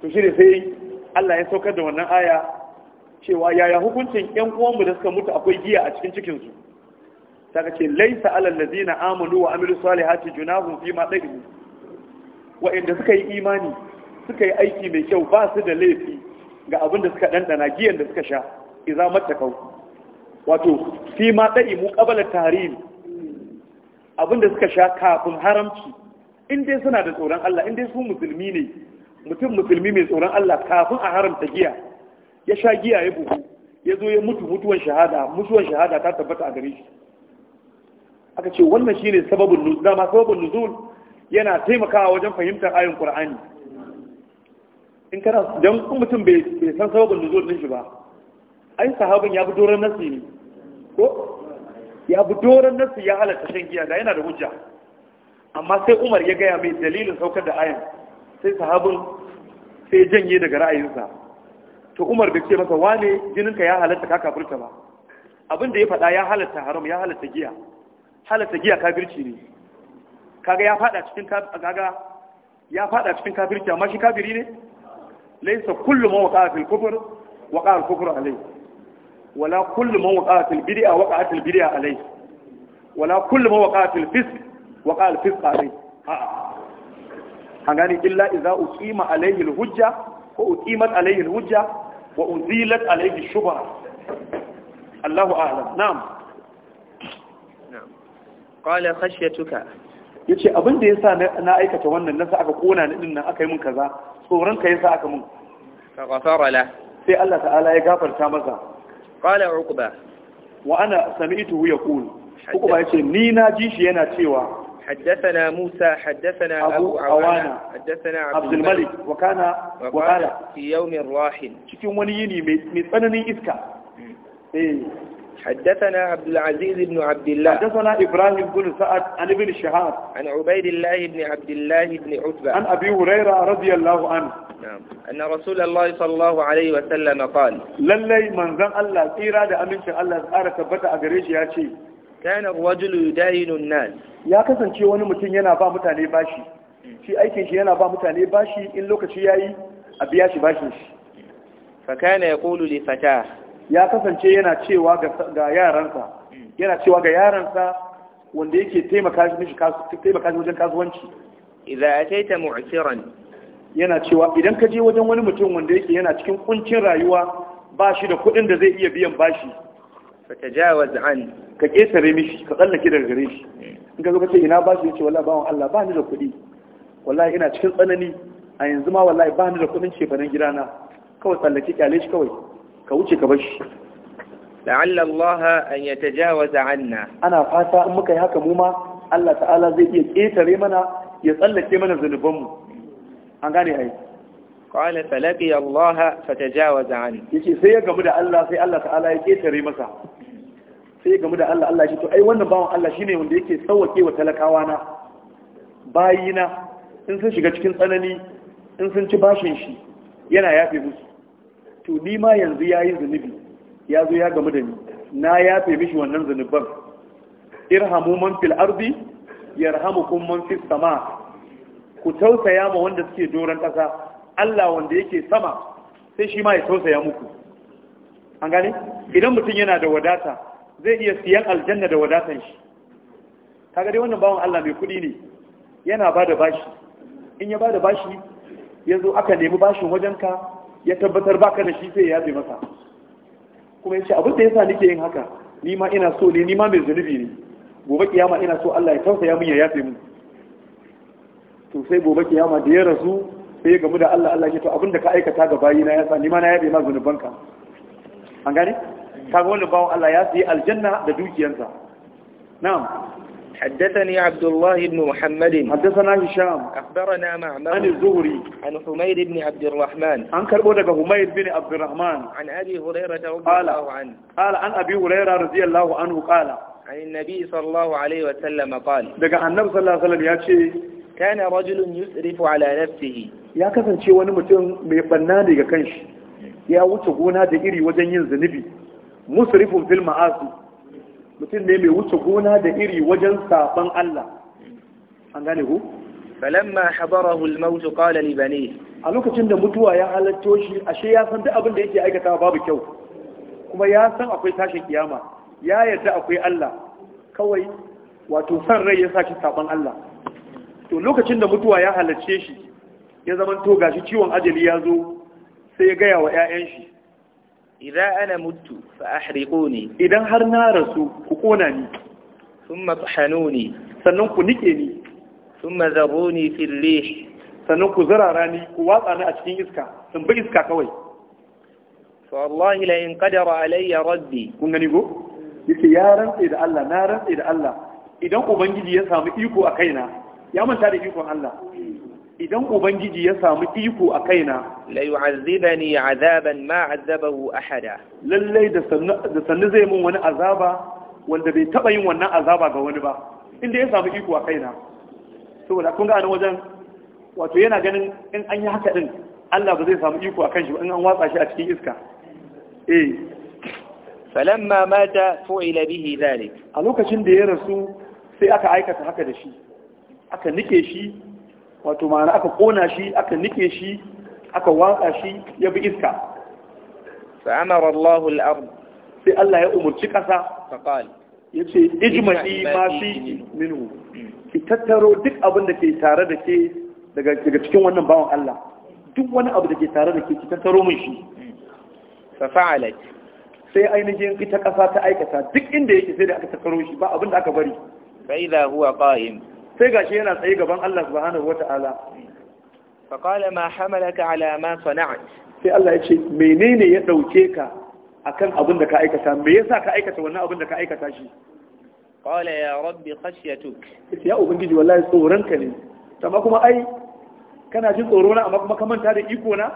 to shi ne sai Allah ya saukar da wannan aya cewa yaya hukuncin ƴan mu da suka mutu akwai giya a cikin cikin su saka ce laisa alal ladina amanu wa amilu salihati junahum fi ma daibu wa inda suka yi imani suka yi aiki mai kyau ba su da laifi ga abin da suka dandana giyan da suka sha idza mattakau wato fi ma ɗa'i mu ƙabala tarihi abinda suka sha kafin haramci in dai suna da tsoron Allah in dai su musulmi ne mutum musulmi mai tsoron Allah kafin a haramta giya ya sha giya ya buhu ya zo ya mutu mutuwan shahada mutuwan shahada ta tabbata a gare shi aka ce wannan shi ne sababin nuzul dama sababin nuzul yana taimakawa wajen fahimtar ayin Qur'ani in kana dan mutum bai san sababin nuzul din shi ba ai sahabin ya bi doron nasi ne ko ya bi doron nasu ya halatta shan giya da yana da hujja amma sai umar ya gaya mai dalilin saukar da ayan sai sahabin sai janye daga ra'ayinsa to umar bai ce masa wane jininka ya halatta ka kafirta ba abin da ya faɗa ya halatta haram ya halatta giya halatta giya kafirci ne kaga ya fada cikin kaga ya fada cikin kafirci amma shi kafiri ne laysa kullu ma fil kufr waqa al kufru alayhi wala kullu man waqa'a fil bid'a wala kullu man waqa'a fil fisq a'a an gani illa idza uqima alayhi hujja ko uqimat alayhi hujja wa ya ce abin da ya sa na aikata wannan nasa aka kona ni din nan aka yi mun kaza tsoron ka yasa aka mun sai Allah ta'ala ya gafarta maza. qala uqba wa ana sami'tuhu yaqul uqba yace ni na ji shi yana cewa حدثنا موسى حدثنا أبو عوانا حدثنا عبد الملك وكان وقال في يوم cikin wani yini mai tsananin iska hmm. eh. حدثنا عبد العزيز بن عبد الله حدثنا إبراهيم بن سعد عن ابن شهاب عن عبيد الله بن عبد الله بن عتبة عن أبي هريرة رضي الله عنه نعم أن رسول الله صلى الله عليه وسلم قال للي من ذن الله إرادة أمين شاء الله أرى ثبت أغريش يا شيء كان الرجل يداين الناس يا كسن شيء ونمتين ينا با متاني باشي شيء أي شيء ينا با متاني باشي إن لوك شيء أبياش باشي فكان يقول لفتاه ya kasance yana cewa ga yaransa yana cewa ga yaransa wanda yake taimaka shi wajen kasuwanci idan taita mu'asiran yana cewa idan ka je wajen wani mutum wanda yake yana cikin kuncin rayuwa ba shi da kuɗin da zai iya biyan bashi wa an ka kesare mishi ka tsallake daga gare shi hmm. in ka zo ka ce ina bashi yace wallahi bawon Allah ba ni da kuɗi wallahi ina cikin tsanani a yanzu ma wallahi ba ni da kuɗin cefanen gidana kawai tsallake kyale shi kawai ka wuce ka bashi la'alla Allah an yatajawaza anna ana fata in muka yi haka mu ma Allah ta'ala zai iya ketare mana ya tsallake mana zunubanmu an gane ai qala falaqiya Allah fatajawaza anni yace sai ya gamu da Allah sai Allah ta'ala ya ketare masa sai ya gamu da Allah Allah shi to ai wannan bawon Allah shine wanda yake sauwake wa talakawa na bayina in sun shiga cikin tsanani in sun ci bashin shi yana yafe musu to ni ma yanzu ya yi zunubi ya zo ya gamu da ni na yafe mishi wannan zunuban irhamu man fil ardi yarhamukum man fis sama ku tausaya ma wanda suke doron ƙasa Allah wanda yake sama sai shi ma ya tausaya muku an gane idan mutum yana da wadata zai iya siyan aljanna da wadatan shi kaga dai wannan bawan Allah mai kuɗi ne yana ba bashi in ya bada da bashi yanzu aka nemi bashin ka. ya tabbatar baka da shi sai ya yabe masa kuma ce abin da yasa nike yin haka ni ma ina so ne ni ma mai zunubi ne gobe kiyama ina so Allah ya tausaya min ya yafe mu to sai gobe kiyama da ya rasu sai ya gamu da Allah Allah ya to abin da ka aikata ga bayina yasa ni ma na yabe ma zunubanka an gane kaga wannan bawon Allah ya sayi aljanna da dukiyansa na'am حدثني عبد الله بن محمد حدثنا هشام أخبرنا معمر عن الزهري عن حميد بن عبد الرحمن عن كربونك حميد بن عبد الرحمن عن أبي هريرة رضي الله عنه قال عن أبي هريرة رضي الله عنه قال عن النبي صلى الله عليه وسلم قال دقى عن النبي صلى الله عليه وسلم يأتي كان رجل يسرف على نفسه يا kasance wani mutum mai banna ne ga kanshi ya wuce gona da iri wajen yin zunubi mutum ne mai wuce gona da iri wajen saban Allah an gane ku falamma habarahu al-maut qala li bani a lokacin da mutuwa ya halatto shi ashe ya san duk abin da yake aikata babu kyau kuma ya san akwai tashin kiyama ya yarda akwai Allah kawai wato san rai ya saki saban Allah to lokacin da mutuwa ya halarce shi ya zama to gashi ciwon ajali ya zo sai ya gaya wa 'ya'yan shi idan ana mutu fa ne. idan har na rasu ku kona ni Sun thumma ne sannan ku nike ni Sun mazabo ni rih sannan ku zarara ni ku watsa ni a cikin iska sun bi iska kawai su wallahi la in qadara alayya rabbi kun gani go yake ya rantse da Allah na rantse da Allah idan ubangiji ya samu iko a kaina ya manta da ikon Allah idan ubangiji ya samu iko a kaina la yu'azzibani azaban ma 'azzabahu ahada lallai da sannu zai mun wani azaba wanda bai taba yin wannan azaba ga wani ba inda ya samu iko a kaina saboda kun ga a wajen wato yana ganin in an yi haka din Allah ba zai samu iko a kan shi in an watsa shi a cikin iska eh falamma mata fu'ila bihi dhalik a lokacin da ya rasu sai aka aikata haka da shi aka nike shi wato ma'ana aka kona shi aka nike shi aka watsa shi ya bi iska sa'amara Allahu al-ard sai Allah ya umurci kasa faqal yace ijma'i ma fi minhu ki tattaro duk abin da ke tare da ke daga daga cikin wannan bawon Allah duk wani abu da ke tare da ke ki tattaro mun shi fa fa'alat sai ainihin ita kasa ta aikata duk inda yake sai da aka tattaro shi ba abin da aka bari fa idha huwa qa'im sai gashi yana tsaye gaban Allah subhanahu wata'ala faqala ma hamalaka ala ma sana'at sai Allah ya ce menene ya dauke ka akan abin da ka aikata me yasa ka aikata wannan abin da ka aikata shi qala ya rabbi khashyatuk ya ubangiji wallahi tsoron ka ne amma kuma ai kana jin tsoro na amma kuma ka manta da iko na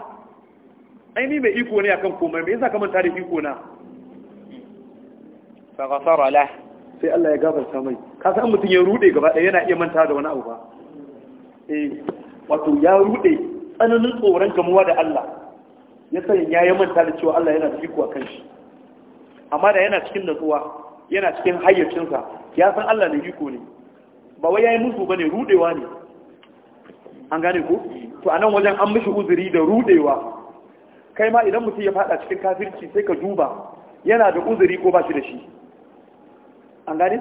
ai ni mai iko ne akan komai me yasa ka manta da iko na fa ghafara lahu sai Allah ya gafarta mai ka san mutum ya rude gaba ɗaya yana iya manta da wani abu ba eh wato ya rude tsananin tsoron gamuwa da Allah ya sanya ya yi manta da cewa Allah yana da iko a kan shi amma da yana cikin natsuwa yana cikin hayyacinsa ya san Allah da riko ne ba wai ya yi musu ba ne rudewa ne an gane ko to a nan wajen an mishi uzuri da rudewa kai ma idan mutum ya fada cikin kafirci sai ka duba yana da uzuri ko ba shi da shi an gane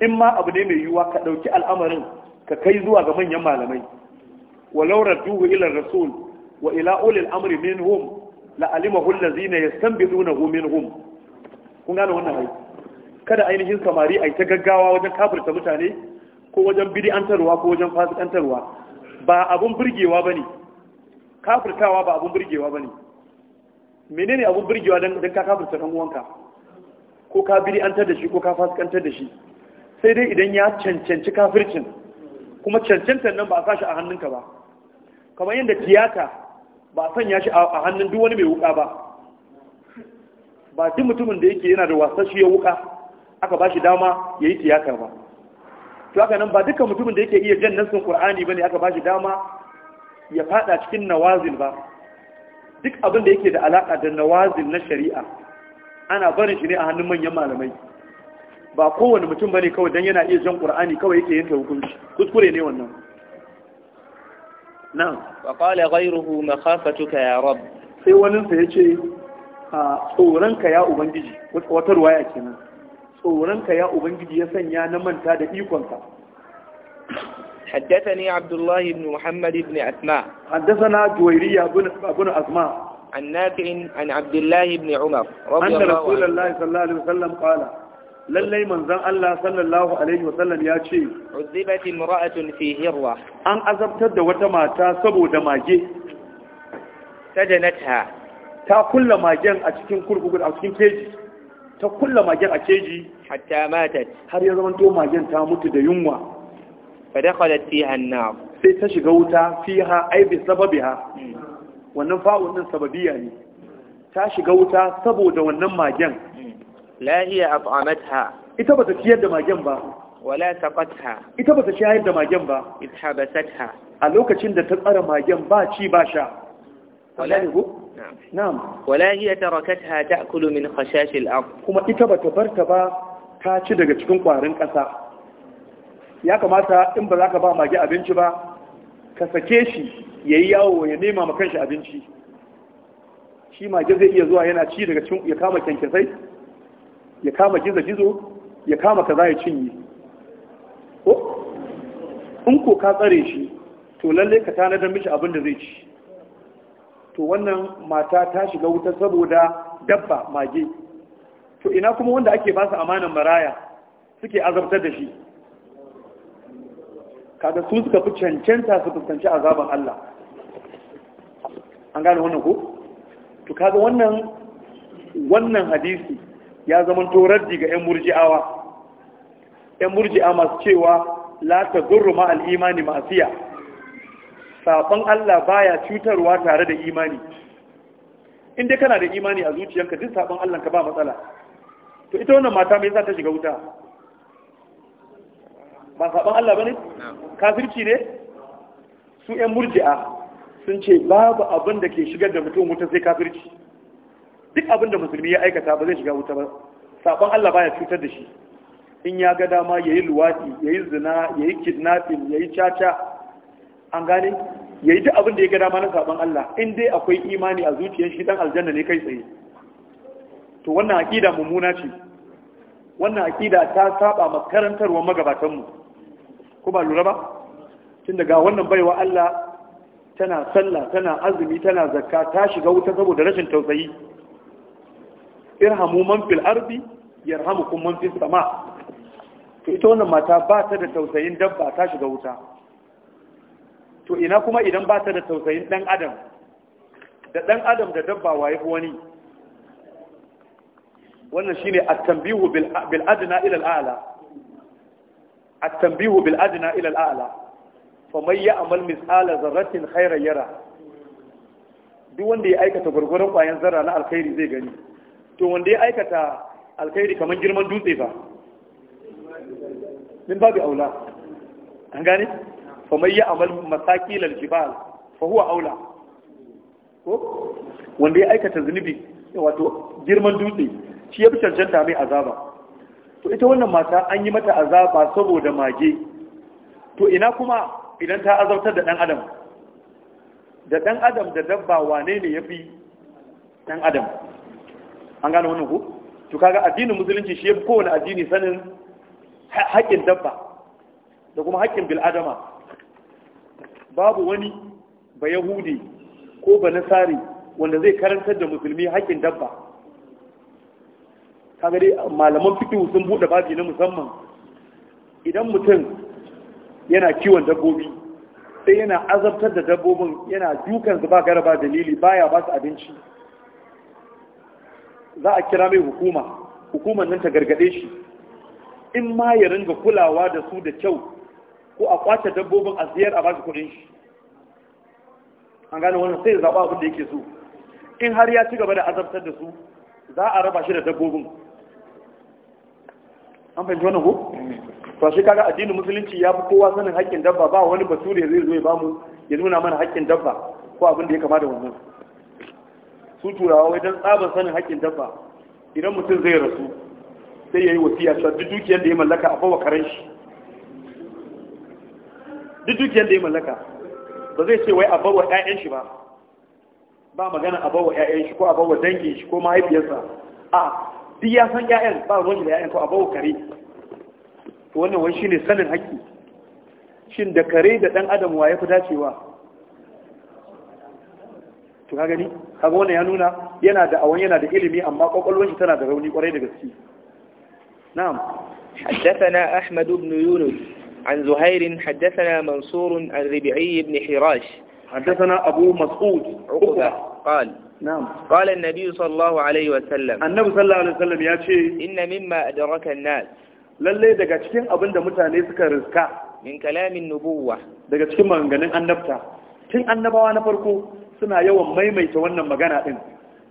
in ma abu ne mai yiwuwa ka ɗauki al'amarin ka kai zuwa ga manyan malamai Wa laura duhu ila rasul wa ila ulil amri minhum la alimahu allazina yastanbidunahu minhum kun gane wannan hai kada ainihin samari yi ta gaggawa wajen kafirta mutane ko wajen bid'antarwa ko wajen fasikantarwa ba abun burgewa ne kafirtawa ba abun burgewa ne. menene abun burgewa don ka kafirta kan uwanka ko ka tar da shi ko ka fasikantar da shi sai dai idan ya cancanci kafircin kuma cancantar nan ba a sashi a hannunka ba kamar yadda tiyata ba a sanya shi a hannun duk wani mai wuka ba ba duk mutumin da yake yana da wasan shi ya wuka aka ba shi dama ya yi tiyata ba to haka nan ba dukkan mutumin da yake iya jan kur'ani ba ne aka ba shi dama ya fada cikin nawazin ba duk abin da yake da alaka da nawazin na shari'a ana barin shi ne a hannun manyan malamai ba kowane mutum bane kawai don yana iya jan ƙura'ani kawai yake yin hukunci kuskure ne wannan na'am wa qala ghayruhu makhafatuka ya rab sai wani sa yace a tsoranka ya ubangiji wata ruwaya kenan Tsoronka ya ubangiji ya sanya na manta da ikonka حدثني عبد الله بن محمد بن أسماء حدثنا جويرية بن أسماء عن نافع عن عبد الله بن عمر رضي أن الله رسول الله صلى الله عليه وسلم قال lallai manzan Allah sallallahu alaihi wasallam ya ce uzibat imra'atun fi hirwa an azabtar da wata mata saboda mage sadanatha ta kulla magen a cikin kurkuku a cikin keji ta kulla magen a keji hatta matat har ya zamanto magen ta mutu da yunwa fa dakhalat fiha an sai ta shiga wuta fiha ai bi wannan fa'un nan sababiyya ne ta shiga wuta saboda wannan magen la hiya at'amatha ita ta ciyar da magen ba wala taqatha ita ba ta ciyar da magen ba Ita ta a lokacin da ta tsara magen ba ci ba sha wala na'am ta rakata ta ta'kulu min khashash al kuma ita bata barta ba ta ci daga cikin kwarin kasa ya kamata in ba za ka ba mage abinci ba ka sake shi ya yi yawo ya nema ma shi abinci shi mage zai iya zuwa yana ci daga cin ya kama kyankyasai ya kama gizo-gizo ya kama kaza ya cinye ko in ko ka tsare shi to lalle ka tanadar mishi abin da zai ci to wannan mata ta shiga wuta saboda dabba mage to ina kuma wanda ake ba su amanan maraya suke azabtar da shi kaga su suka fi cancanta su fuskanci azaban Allah an gane wannan ko to kaga wannan wannan hadisi ya zama to raddi ga ƴan murji'awa Yan murji'a masu cewa la zurru ma al-imani ma'siya saban Allah baya cutarwa tare da imani in dai kana da imani a zuciyarka duk saban Allah ka ba matsala to ita wannan mata me yasa ta shiga wuta ba saban Allah bane kafirci ne su 'yan murji'a sun ce babu abin da ke shigar da mutum wuta sai kafirci duk abin da musulmi ya aikata ba zai shiga wuta ba sabon Allah baya cutar da shi in ya ga dama yayi ya yayi zina yayi ya yayi caca an gane yayi duk abin da ya ga dama na sabon Allah in dai akwai imani a zuciyar shi dan aljanna ne kai tsaye to wannan aqida mummuna ce wannan aqida ta saba makarantarwa magabatanmu kuma lura ba tun daga wannan baiwa Allah tana sallah tana azumi tana zakka ta shiga wuta saboda rashin tausayi irhamu man fil ardi yarhamukum man fis sama to ita wannan mata ba ta da tausayin dabba ta shiga wuta to ina kuma idan ba ta da tausayin dan adam da dan adam da dabba waye wani wannan shine at-tanbihu bil adna ila al-a'la at-tanbihu bil adna ila al-a'la faman ya amal misala zarratin khairan yara duk wanda ya aikata gwargwaron kwayan zarra na alkhairi zai gani to wanda ya aikata alkhairi kamar girman dutse ba min babu aula an gane faman ya amal masakil aljibal fa huwa aula ko wanda ya aikata zunubi wato girman dutse shi ya fi cancanta mai azaba to ita wannan mata an yi mata azaba saboda mage to ina kuma idan ta azabtar da ɗan adam da ɗan adam da dabba wane ne ya fi ɗan adam an gane wannan ku? to kaga addinin musulunci shi ya fi kowane addini sanin haƙƙin dabba da kuma haƙƙin bil'adama babu wani ba yahudi ko ba nasari wanda zai karantar da musulmi haƙƙin dabba kaga dai malaman fito sun buɗe babi na musamman idan mutum yana kiwon dabbobi sai yana azabtar da dabbobin yana dukan su ba gara ba dalili baya ba su abinci za a kira mai hukuma hukumar nan ta gargade shi in ma ya ringa kulawa da su da kyau ko a kwace dabbobin a ziyar a ba su kudin shi an gane wannan sai zaɓa abin da yake so in har ya ci gaba da azabtar da su za a raba shi da dabbobin an fahimci wannan ko to shi kaga addinin musulunci ya fi kowa sanin haƙƙin dabba ba wani bature zai zo ya mu ya nuna mana haƙƙin dabba ko abin da ya kama da wannan su turawa wai dan tsaban sanin haƙƙin dabba idan mutum zai rasu sai yayi wasiya cewa duk dukiyar da ya mallaka a bawa karen shi duk dukiyar da ya mallaka ba zai ce wai a bawa ƴaƴan shi ba ba magana a bawa ƴaƴan shi ko a bawa dangin shi ko mahaifiyarsa a duk ya san ƴaƴan ba ruwan shi da ƴaƴan ko a bawa kare to wannan wani shine sanin haƙƙi shin da kare da ɗan adam wa ya fi dacewa to ka gani kaga wannan ya nuna yana da awon yana da ilimi amma kwakwalwar shi tana da rauni kwarai da gaske na'am حدثنا أحمد بن يونس عن زهير حدثنا منصور عن ربعي بن حراش حدثنا أبو مسعود عقبة قال نعم قال النبي صلى الله عليه وسلم النبي صلى الله عليه وسلم يا شيء إن مما أدرك الناس lalle daga cikin abin da mutane suka riska min kalamin nubuwa daga cikin maganganun annabta tun annabawa na farko suna yawan maimaita wannan magana din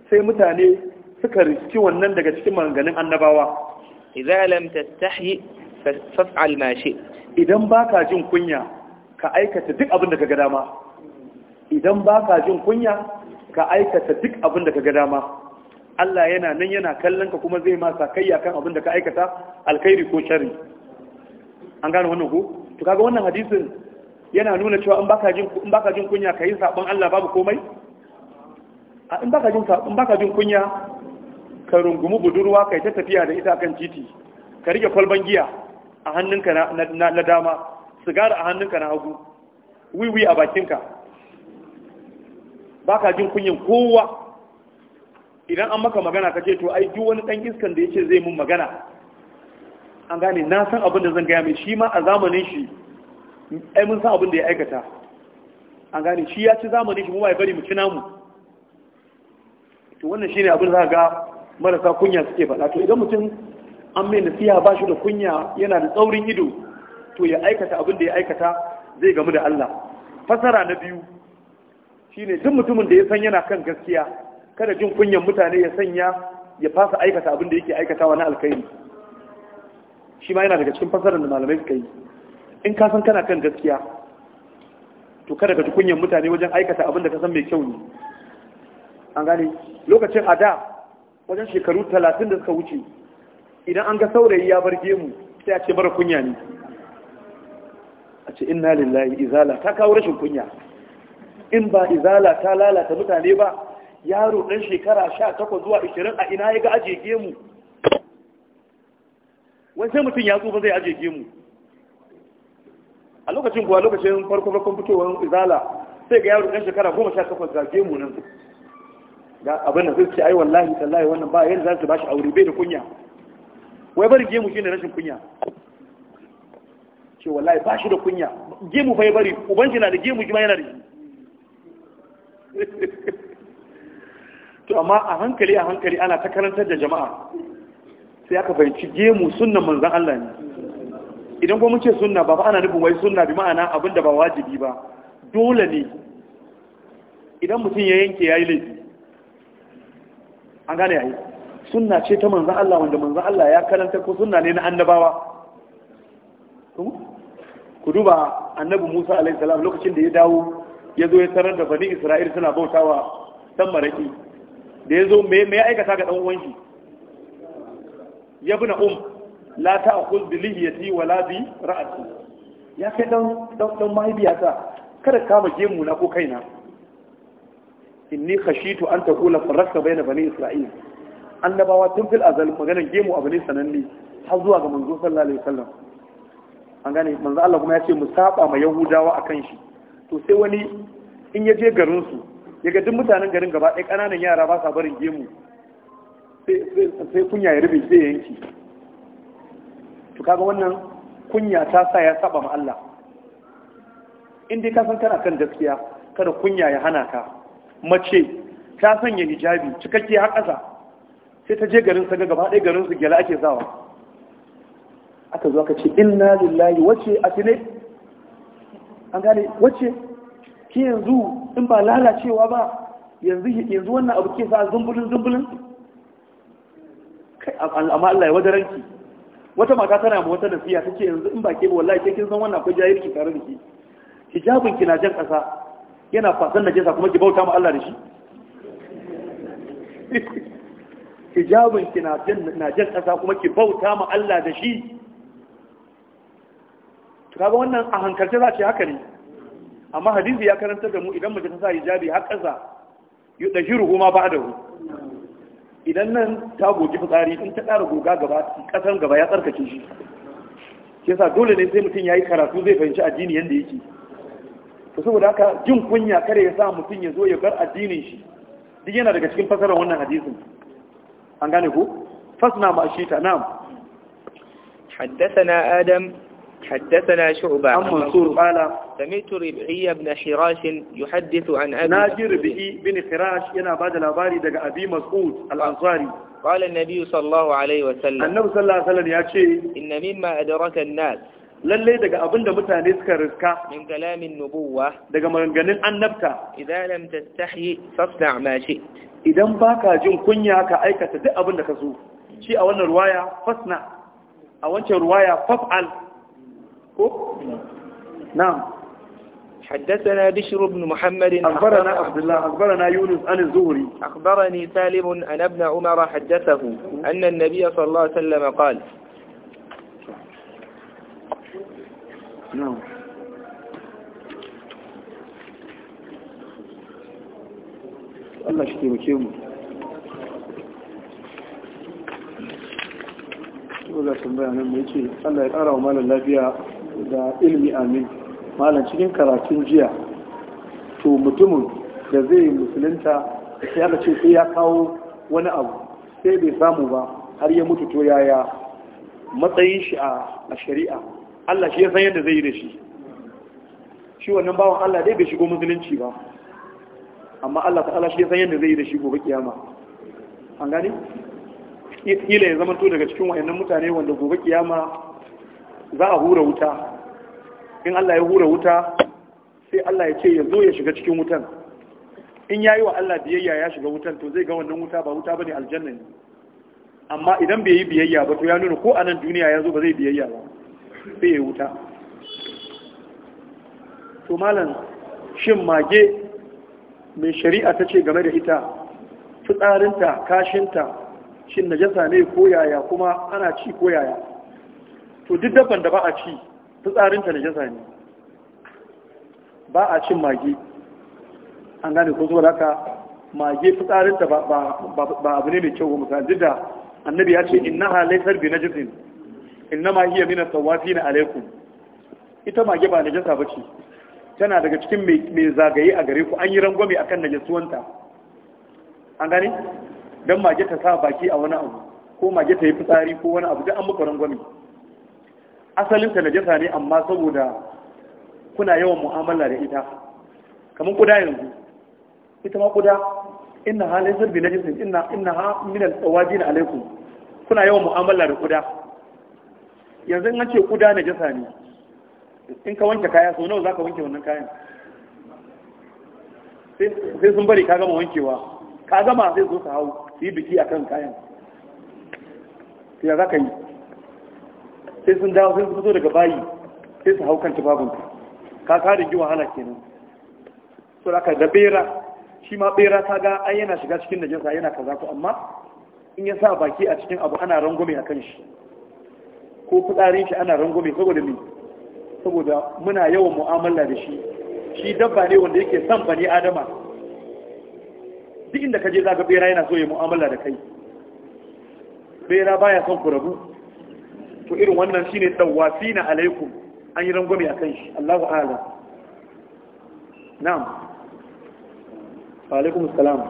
sai mutane suka riski wannan daga cikin maganganun annabawa idan lam tastahi faf'al ma shi idan baka jin kunya ka aikata duk abin da kaga dama idan baka jin kunya ka aikata duk abin da kaga dama Allah yana nan yana kallon ka kuma zai masa kayya kan abin da ka aikata alkhairi ko sharri an gane wannan ko to kaga wannan hadisin yana nuna cewa in baka jin in baka jin kunya kai sabon Allah babu komai a in baka jin in baka jin kunya ka rungumi budurwa kai ta tafiya da ita kan titi ka rike kwalban giya a hannunka na, na dama sigar a hannunka na hagu wiwi a bakinka baka jin kunyan kowa idan an maka magana ka ce to ai duk wani dan iskan da yace zai mun magana an gane na san abin da zan gaya mai shi ma a zamanin shi ai mun san abin da ya aikata an gane shi ya ci zamanin shi mu bai bari mu ci namu to wannan shine abin da ga marasa kunya suke faɗa to idan mutum an mai nasiha ba shi da kunya yana da tsaurin ido to ya aikata abin da ya aikata zai gamu da Allah fasara na biyu shine duk mutumin da ya san yana kan gaskiya kada jin kunyan mutane ya sanya ya fasa aikata abin da yake aikatawa na alkhairi shi ma yana daga cikin fasarar da malamai suka yi in ka san kana kan gaskiya to kada ka ji kunyan mutane wajen aikata abin da ka san mai kyau ne an gane lokacin a da wajen shekaru talatin da suka wuce idan an ga saurayi ya bar gemu sai a ce mara kunya ne a ce inna lillahi izala ta kawo rashin kunya in ba izala ta lalata mutane ba yaro ɗan shekara sha takwas zuwa ishirin a ina ya ga ajiye gemu wani sai mutum ya tsufa zai ajiye gemu a lokacin kuwa lokacin farko farkon fitowar izala sai ga yaro ɗan shekara goma sha takwas ga gemu nan ga abin da zai ce ai wallahi tallahi wannan ba yadda za su ba shi aure bai da kunya wai bari gemu shi ne rashin kunya ce wallahi ba shi da kunya gemu fa ya bari uban shi na da gemu shi ma yana da shi to amma a hankali a hankali ana ta karantar da jama'a sai aka fahimci gemu sunnan manzan Allah ne idan kuma muke sunna ba ba ana nufin wai sunna bi ma'ana abin da ba wajibi ba dole ne idan mutum ya yanke ya yi laifi an gane yi sunna ce ta manzan Allah wanda manzan Allah ya karanta ko sunna ne na annabawa ku duba annabi Musa alaihi salam lokacin da ya dawo ya zo ya tarar da bani Isra'il suna bautawa san maraki da ya zo mai aikata ga ɗan wanki ya bi na um la ta akul bi ti wa labi ra'adu. ya kai ɗan mahaibiyata mahaifiyata kada kama gemu na ko kaina inni to an taqula bai na bani Isra'ila. annabawa tun fil azal maganar gemu a ne sananne har zuwa ga manzo sallallahu alaihi wasallam an gane manzo Allah kuma ya ce mu saba ma yahudawa akan shi to sai wani in ya je garin su yaga duk mutanen garin gaba ɗaya ƙananan yara ba sa barin gemu sai kunya ya rufe zai yanki to kaga wannan kunya ta sa ya saba ma Allah in dai ka san kana kan gaskiya kada kunya ya hana ka mace ta sanya hijabi cikakke har ƙasa sai ta je garin sa ga gaba ɗaya garin su gela ake zawa. aka zo aka ce inna lillahi wace a tine an gane wace ki yanzu in ba lalacewa ba yanzu yanzu wannan abu ke sa zumbulin zumbulin kai amma Allah ya wadaranki wata mata tana ma wata nasiya ce yanzu in ba ke ba wallahi ke kin san wannan akwai jahilci tare da ki hijabin ki na jan kasa yana fasan najasa kuma ki bauta ma Allah da shi hijabin ki na jan na jan kasa kuma ki bauta ma Allah da shi kaga wannan a hankalce za ce haka ne amma hadisi ya karanta da mu idan mace ta sa hijabi har ƙasa da shiru ruhu ba da hu. idan nan ta goji fitsari in ta ƙara goga gaba ƙasan gaba ya tsarkake shi ke sa dole ne sai mutum ya yi karatu zai fahimci addini yadda yake to saboda haka jin kunya kare ya sa mutum ya zo ya bar addinin shi duk yana daga cikin fasarar wannan hadisin an gane ko fasna ma shi ta na'am حدثنا آدم حدثنا شعبة عن منصور قال سمعت ربعي بن حراش يحدث عن أبي ناجي ربعي بن حراش ينا بعد الأباري دقى أبي مسعود الأنصاري قال النبي صلى الله عليه وسلم النبي صلى الله عليه وسلم يا شيء إن مما أدرك الناس lallai daga abin da mutane suka riska min kalamin nubuwa daga maganganun annabta idan lam tastahi fasna ma shi idan baka jin kunya ka aikata duk abin da ka so shi a wannan ruwaya fasna a wancan ruwaya faf'al نعم حدثنا بشر بن محمد أخبرنا عبد الله أخبرنا يونس عن الزهري أخبرني سالم أن ابن عمر حدثه أن النبي صلى الله عليه وسلم قال نعم الله شتيمه شيمه Allah tambaya nan mai ce الله ya ƙara wa malar da ilmi amin malam cikin karatun jiya to mutumin da zai musulunta sai aka ce sai ya kawo wani abu sai bai samu ba har ya mutu to yaya matsayin shi a shari'a Allah shi ya san yadda zai yi da shi shi wannan bawan Allah dai bai shigo musulunci ba amma Allah ta'ala shi ya san yadda zai yi da shi gobe kiyama an gani? kila ya zama to daga cikin wayannan mutane wanda gobe kiyama za a hura wuta in Allah ya hura wuta sai Allah ya ce ya zo ya shiga cikin wutan in ya yi wa Allah biyayya ya shiga wutan to zai ga wannan wuta ba wuta ba ne aljanna ne amma idan bai yi biyayya ba to ya nuna ko a nan duniya ya zo ba zai biyayya ba sai ya wuta to malam shin mage mai shari'a ta ce game da ita fitsarinta kashinta shin najasa ne ko yaya kuma ana ci koyaya. to duk dabban da ba a ci fitsarinta najasa ne ba a cin mage an gane ko zuwa haka mage fitsarinta ba abu ne mai kyau misali duk da annabi ya ce inna halaisar bi najisin inna ma hiya min at-tawafi na alaikum ita mage ba najasa bace tana daga cikin mai zagaye a gare ku an yi rangwame akan najasuwanta an gane dan mage ta sa baki a wani abu ko mage ta yi fitsari ko wani abu duk an muka rangwame asalinta najasa ne amma saboda kuna yawan mu'amala da ita kamar kuda yanzu ita ma kuda ina ha laysar bi najisin ina ina ha min al na alaikum kuna yawan mu'amala da kuda yanzu in ce kuda najasa ne in ka wanke kaya so nawa zaka wanke wannan kayan sai sun bari ka gama wankewa ka gama sai zo su hau su yi biki akan kayan ya za ka yi sai sun dawo sun fito daga bayi sai su hau kan tubabinka ka ka da wahala kenan so da aka da bera shi ma bera ta ga ai yana shiga cikin najasa yana kaza ko amma in ya sa baki a cikin abu ana rangwame a kan shi ko fitsarin shi ana rangwame saboda me saboda muna yawan mu'amala da shi shi dabba ne wanda yake son bani adama duk inda ka je zaga bera yana so ya mu'amala da kai bera baya son ku to irin wannan shine tawafina na alaikum an yi rangwame a kai shi Allahu a'lam na'am wa alaikum assalam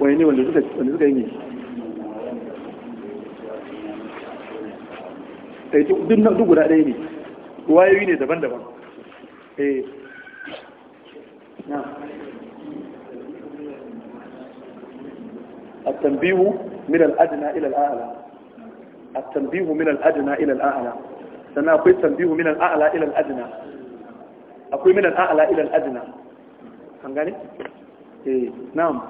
wani ne wanda suka yi ne eh, duk duk guda ɗaya ne wayoyi ne daban-daban eh na التنبيه من الأدنى إلى الأعلى التنبيه من الأدنى إلى الأعلى سنة أقول تنبيه من الأعلى إلى الأدنى أقول من الأعلى إلى الأدنى هنغاني؟ إيه نعم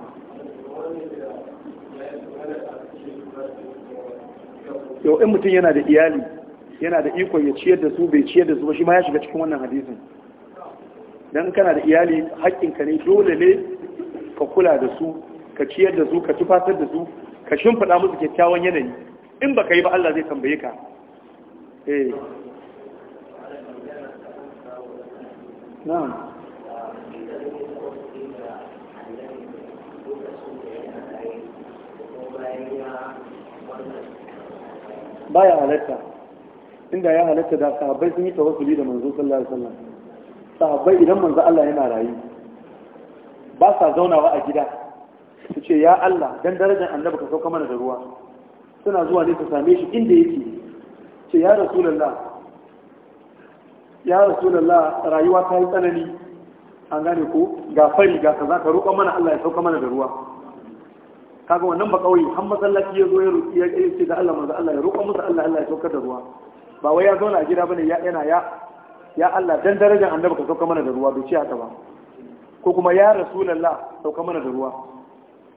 yau in mutum yana da iyali yana da ikon ya ciyar da su bai ciyar da su ba shi ma ya shiga cikin wannan hadisin don kana da iyali haƙƙinka ne dole ne ka kula da su ka ciyar da su ka tufatar da su ka shimfiɗa musu kyakkyawan yanayi in ba ka yi ba Allah zai tambaye ka eh. baya halatta inda ya halatta da sahabbai sun yi tawassuli da manzo sallallahu alaihi wasallam sahabbai idan manzo Allah yana rayu ba sa zaunawa a gida su ce ya Allah dan darajar annabi ka sauka mana da ruwa suna zuwa ne su same shi inda yake ce ya rasulullah ya rasulullah rayuwa ta yi tsanani an gane ko ga fari ga kaza ka roƙon mana Allah ya sauka mana da ruwa kaga wannan ba kauye har masallaci ya zo ya roƙi ya ce da Allah manzo Allah ya roƙon musu Allah Allah ya sauka da ruwa ba wai ya zauna a gida bane ya yana ya ya Allah dan darajar annabi ka sauka mana da ruwa bai ci haka ba ko kuma ya rasulullah sauka mana da ruwa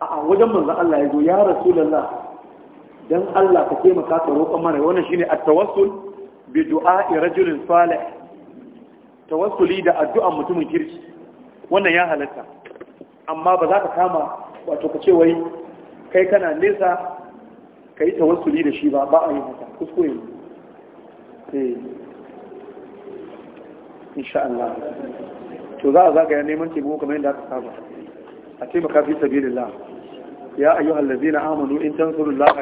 a wajen manzo Allah ya zo ya rasulullah dan Allah ka taimaka ka roƙa mana wannan shine at-tawassul bi du'a'i rajulin salih tawassuli da addu'a mutumin kirki wannan ya halatta amma ba za ka kama wato ka ce wai kai kana nesa ka yi tawassuli da shi ba ba a yi haka kuskure ne eh. insha Allah to za a zagaya neman taimako kamar yadda aka saba a taimaka fi sabilillah ya ayyuhallazina amanu in tansurullaha